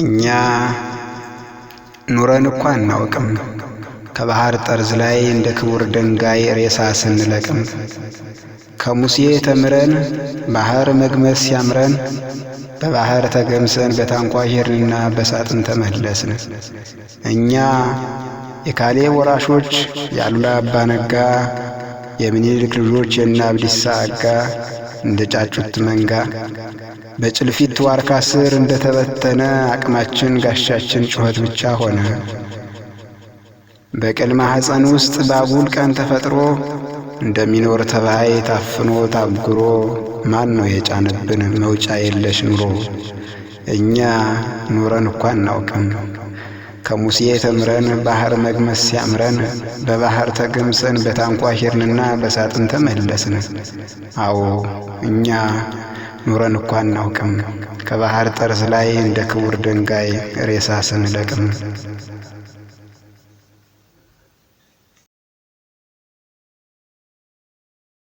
እኛ ኑረን እኳ አናውቅም ከባህር ጠርዝ ላይ እንደ ክቡር ድንጋይ ሬሳ ስንለቅም ከሙሴ ተምረን ባህር መግመስ ሲያምረን በባህር ተገምሰን በታንኳ ሄድንና በሳጥን ተመለስን። እኛ የካሌ ወራሾች ያሉላ አባነጋ። የምኒልክ ልጆች የእነ አብዲሳ አጋ እንደ ጫጩት መንጋ በጭልፊት ዋርካ ስር እንደ ተበተነ አቅማችን ጋሻችን ጩኸት ብቻ ሆነ። በቅል ማኅፀን ውስጥ ባቡል ቀን ተፈጥሮ እንደሚኖር ተባይ ታፍኖ ታጉሮ ማን ነው የጫነብን መውጫ የለሽ ኑሮ እኛ ኖረን እኳ አናውቅም። ከሙሴ ተምረን ባህር መግመስ ሲያምረን በባህር ተገምሰን በታንኳ ሄድንና በሳጥን ተመለስን። አዎ እኛ ኑረን እኳ አናውቅም ከባህር ጠርዝ ላይ እንደ ክቡር ድንጋይ ሬሳ ስንለቅም